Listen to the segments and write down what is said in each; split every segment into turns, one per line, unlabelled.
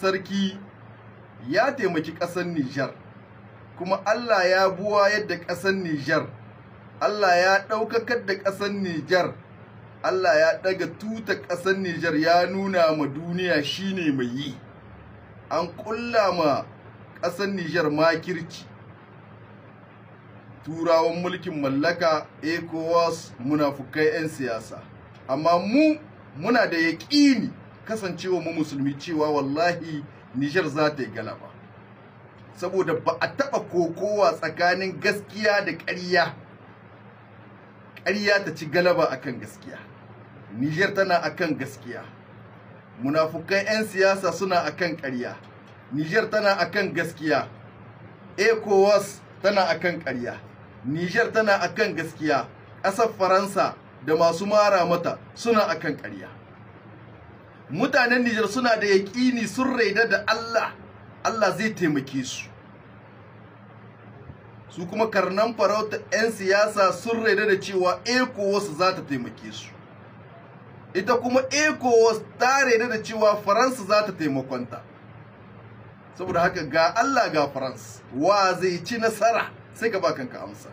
sarki ya taimaki ƙasar Nijar kuma Allah ya buwa yadda ƙasar Nijar Allah ya ɗaukakar da ƙasar Nijar Allah ya ɗaga tuta ƙasar Nijar ya nuna ma duniya shi ne mai yi an ƙulla ma ƙasar Nijar ma kirki. turawan mulkin mallaka ECOWAS munafukai 'yan siyasa amma mu muna da yaƙini kasancewa mu musulmi cewa wallahi Nijar za ta yi galaba saboda ba a taɓa kokowa tsakanin gaskiya da ƙarya ƙarya ta ci galaba akan gaskiya Nijar tana akan gaskiya munafukan 'yan siyasa suna akan ƙarya Nijar tana akan gaskiya ECOWAS tana akan ƙarya Nijar tana akan gaskiya ƙasar Faransa da masu mara mata suna akan ƙarya mutanen Nijar suna da yaƙini sun raida da Allah Allah zai taimake su su kuma karnan farauta 'yan siyasa sun raida da cewa ecowas za ta taimake su ita kuma ecowas ta raida da cewa faransa za ta taimakonta saboda haka ga Allah ga faransa wa zai ci nasara sai ka ba kanka amsa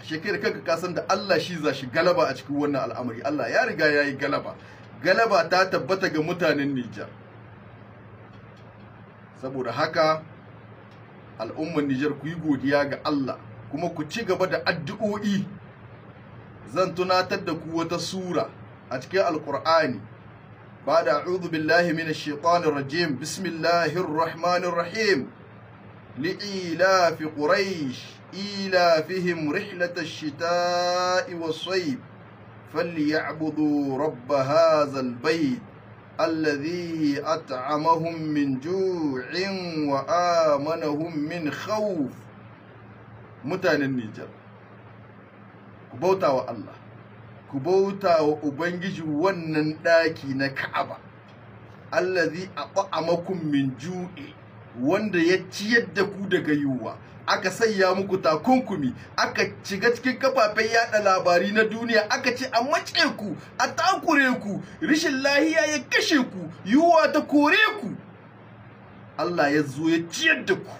a shekarar kanka kasan da Allah shi za shi galaba a cikin wannan al'amari Allah ya riga ya yi galaba galaba ta tabbata ga mutanen Nijar saboda haka al'ummar Nijar ku yi godiya ga Allah kuma ku ci gaba da addu'o'i zan tunatar da ku wata sura a cikin alkur'ani ba da a'udhu billahi minash shaitanir rajim bismillahir rahmanir rahim li'ilafi quraish ilafihim rihlatar shita'i was-sayf فليعبدوا رب هذا البيت الذي أطعمهم من جوع وآمنهم من خوف متان النيجر كبوتا الله كبوتا وأبنجي ونن داكي نكعبة الذي أطعمكم من جوع wanda ya ciyar aka sanya muku takunkumi aka shiga cikin kafafen yada labari na duniya aka ce a matse ku a takure ku rishin lahiya ya kashe ku yiwuwa ta kore ku Allah ya zo ya ciyar da ku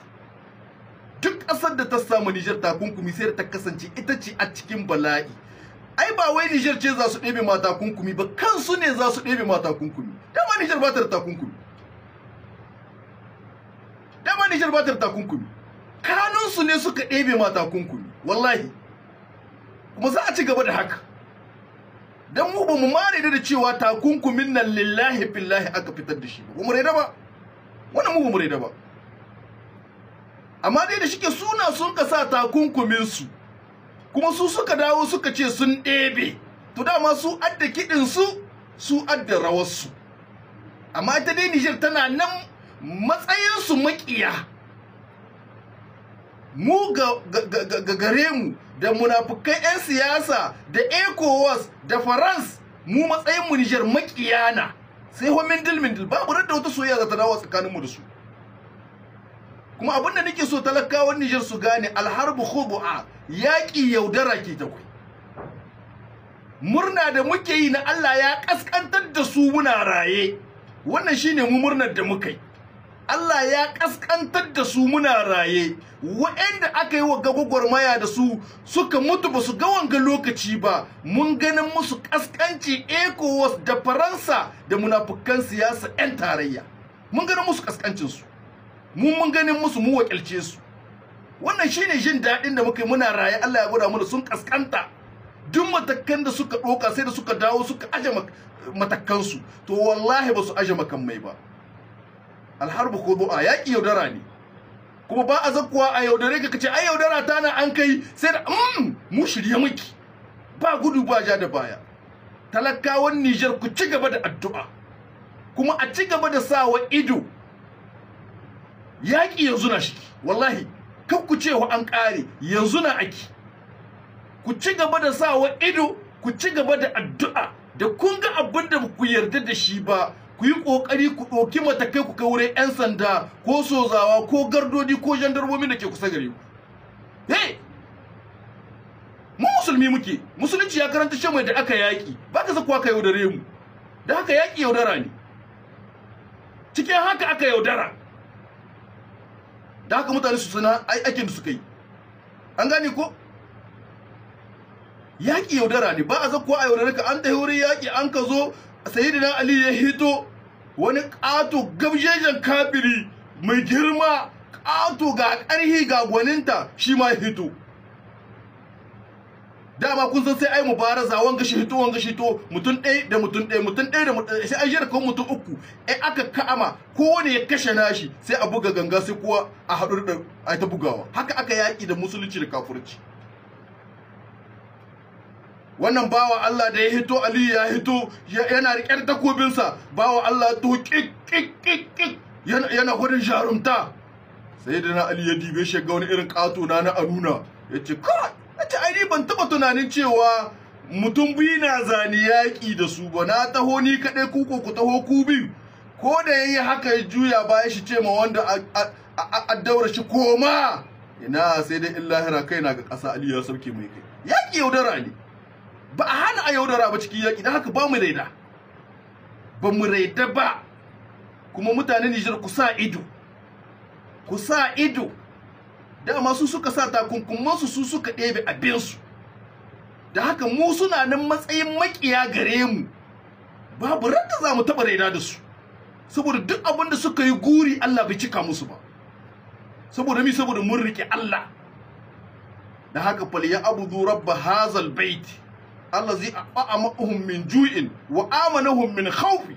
duk ƙasar da ta samu Nijar takunkumi sai ta kasance ita ce a cikin bala'i ai ba wai Nijar ce za su ɗebe ma takunkumi ba kansu ne za su ɗebe ma takunkumi dama Nijar ba ta da takunkumi dama Nijar ba ta da takunkumi Kansu ne suka ɗebe mata kunkumi wallahi kuma za a ci gaba da haka don mu ba mu mare da cewa takunkumin nan lillahi billahi aka fitar da shi ba mu raida ba wannan mu ba mu raida ba amma dai da shike suna sun ka sa takunkumin su kuma su suka dawo suka ce sun ɗebe to dama su adda kiɗin su su adda rawar su amma ta dai Niger tana nan matsayin su makiya mu ga gare mu da munafukai 'yan siyasa da ecowas da farans mu matsayin mu nijar makiyana sai ho mindil babu da wata soyayya za ta dawo tsakanin mu da su kuma abin da nake so talakawan nijar su gane alharbu khubu'a yaƙi yaudara ke ta murna da muke yi na Allah ya ƙasƙantar da su muna raye wannan shine mu murnar da muka yi Allah ya kaskantar da su muna raye waɗanda aka yi wa maya da su suka mutu ba su ga wanga lokaci ba mun ganin musu kaskanci ECOWAS da Faransa da munafukan siyasa 'yan tarayya mun ganin musu kaskancin mun mun ganin musu mu wakilce su wannan shine jin daɗin da muka yi muna raye Allah ya gwada mana sun kaskanta duk matakan da suka ɗoka sai da suka dawo suka aje matakansu to wallahi ba su aje makan mai ba alharbu khudu'a yaki yaudara ne kuma ba a zakuwa a yaudare ka kace ai yaudara ta na an kai sai da mm, mu shirye miki ba gudu ba ja da baya talakawan Nijar ku ci gaba da addu'a kuma a ci gaba da sawa ido yaƙi yanzu na shiki wallahi kan ku ce an kare yanzu na aki ku ci gaba da sawa ido ku ci gaba da addu'a da kun ga abin da ku yarda da shi ba ku yi kokari ku ɗauki matakai ku kai wurin 'yan sanda ko sozawa ko gardodi ko jandarmomi da ke kusa gare ku hey mu musulmi muke musulunci ya karanta shan mai da aka yaki ba ka zakuwa ka yaudare mu da haka yaki yaudara ne cikin haka aka yaudara da haka mutane su sana aikin da suka yi an gane ko yaki yaudara ne ba a zakuwa a yaudare ka an ɗaya wurin yaki an ka zo sayyidina ali ya hito wani ƙato gabjejen kafiri mai girma ƙato ga ƙarhi ga gwaninta shi ma hito dama kun san sai ai mubaraza wanga shi hito wanga shi hito mutum ɗaya da mutum ɗaya mutum ɗaya da mutum sai an jira kan mutum uku ai e, aka ka'ama kowane ya kashe nashi sai a buga ganga sai kuwa a haɗu da ta bugawa haka aka yaƙi da musulunci da kafurci wannan bawa Allah da ya hito Aliyu ya hito yana riƙe da takobinsa bawa Allah to kik yana gudun jarumta sai da na Ali ya dibe shi ga wani irin ƙato na na Aruna ya ce ka ce ni ban taɓa tunanin cewa mutum biyu na zani yaƙi da su ba na taho ni kaɗai kuko ku taho ku biyu ko da ya yi haka ya juya baya shi ce ma wanda a daura shi koma ina sai dai in lahira kai na ga ƙasa Ali ya sauke mai kai yaƙi yaudara ne ba a hana a yaudara ba cikin yaƙi don haka ba mu raida ba mu raida ba kuma mutanen Nijar ku sa ido ku sa ido dama su suka sa takunkumansu su suka ɗebe abinsu da haka mu suna nan matsayin makiya gare mu babu ranta za mu taɓa raida da su saboda duk abin da suka yi guri Allah bai cika musu ba saboda mi saboda mun riƙe Allah da haka fal ya abudu rabba hazal baiti allah allazi a'amahum min ju'in wa amanahum min khawfi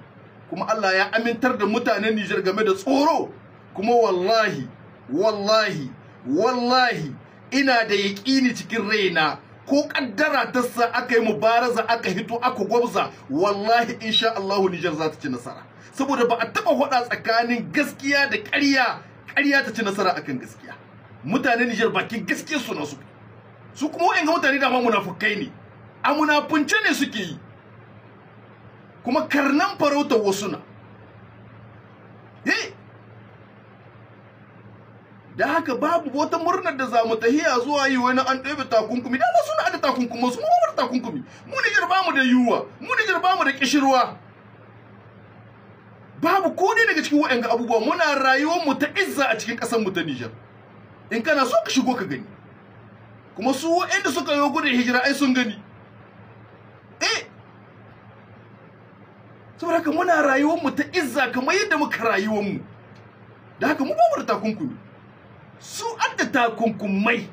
kuma Allah ya amintar da mutanen Nijar game da tsoro kuma wallahi wallahi wallahi ina da yaƙini cikin raina ko ƙaddara ta sa aka yi mubaraza aka hito aka gwabza wallahi insha Allah Nijar za ta ci nasara saboda ba a taba hoda tsakanin gaskiya da ƙarya ƙarya ta ci nasara akan gaskiya mutanen Nijar bakin gaskiya su na su su kuma wa'in ga mutane da ma munafukai ne a munafunce ne suke yi kuma karnan farauta wasu na eh. da haka babu wata murnar da za mu tahiya zuwa yi wani an ɗebe takunkumi da ba suna da takunkumi su mu da takunkumi mu Nijar mu da yiwuwa mu Nijar mu da kishirwa babu ko ne daga cikin waɗanda abubuwa muna rayuwar mu ta izza a cikin ƙasar mu ta Nijar in kana so ka shigo ka gani kuma su waɗanda suka yi gudun hijira ai sun gani saboda haka muna rayuwar mu ta izza kamar yadda muka rayuwar mu da haka mu da takunkumi su an da takunkumai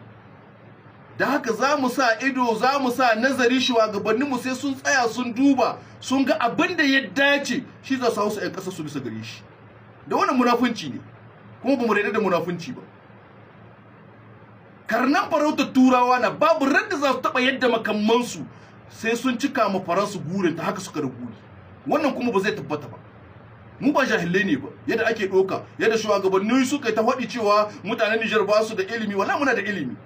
da haka za mu sa ido za mu sa nazari shugabannin mu sai sun tsaya sun duba sun ga abin da ya dace shi za su hausa 'yan ƙasar su bisa gare shi da wannan munafunci ne kuma ba mu da munafunci ba karnan farauta turawa na babu randa za su taɓa yadda makamansu sai sun cika ma faransu gurin ta haka suka da gure wannan kuma ba zai tabbata ba mu ba jahilai ne ba yadda ake ɗauka yadda shugabanni suka ta faɗi cewa mutanen Nijar ba su da ilimi wala muna da ilimi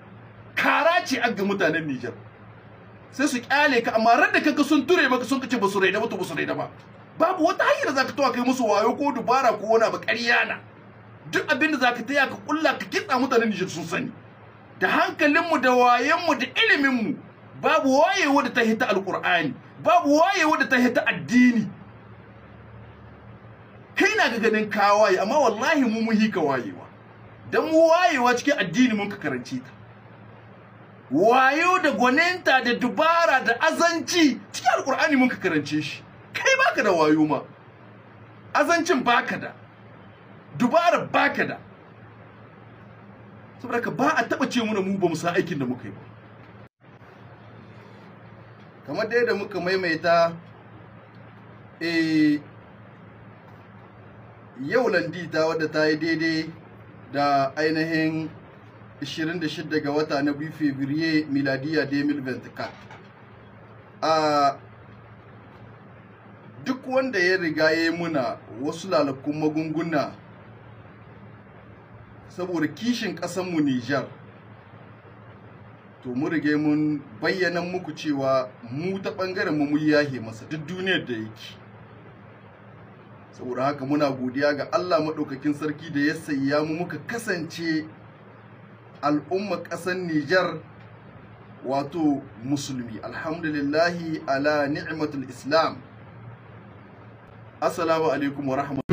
kara ce a ga mutanen Nijar sai su kyale ka amma ran da kanka sun ture maka sun kace ba su raida ba to ba su raida ba babu wata hanyar da zaka tawa kai musu wayo ko dubara ko wani ba ƙarya na duk abin da zaka taya ka kulla ka kitsa mutanen Nijar sun sani da hankalinmu da wayenmu da iliminmu babu wayewa da ta hita alkur'ani babu wayewa da ta hita addini kai na ga ganin ka waye amma wallahi mu muhi ka wayewa dan mu wayewa cikin addini mun ka karance ta wayo da gwaninta da dubara da azanci cikin alqur'ani mun ka karance shi kai baka da wayo ma azancin baka da dubara baka da saboda ka ba a taba ce muna mu ba mu san aikin da muka yi ba kamar dai da muka maimaita eh yau landi ta wadda ta yi daidai da ainihin 26 ga wata na biyu fevrier miladiya 2024 a duk wanda ya riga ya yi muna wasu lalakun magunguna saboda kishin ƙasanmu nijar to mu rige mun bayyana muku cewa mu ta ɓangaren mu mun yahe masa duk duniyar da yake saboda haka muna godiya ga Allah maɗaukakin sarki da ya saya mu muka kasance al'umma ƙasar Nijar wato musulmi alhamdulillahi ala ni'matul islam assalamu alaikum wa rahmatullahi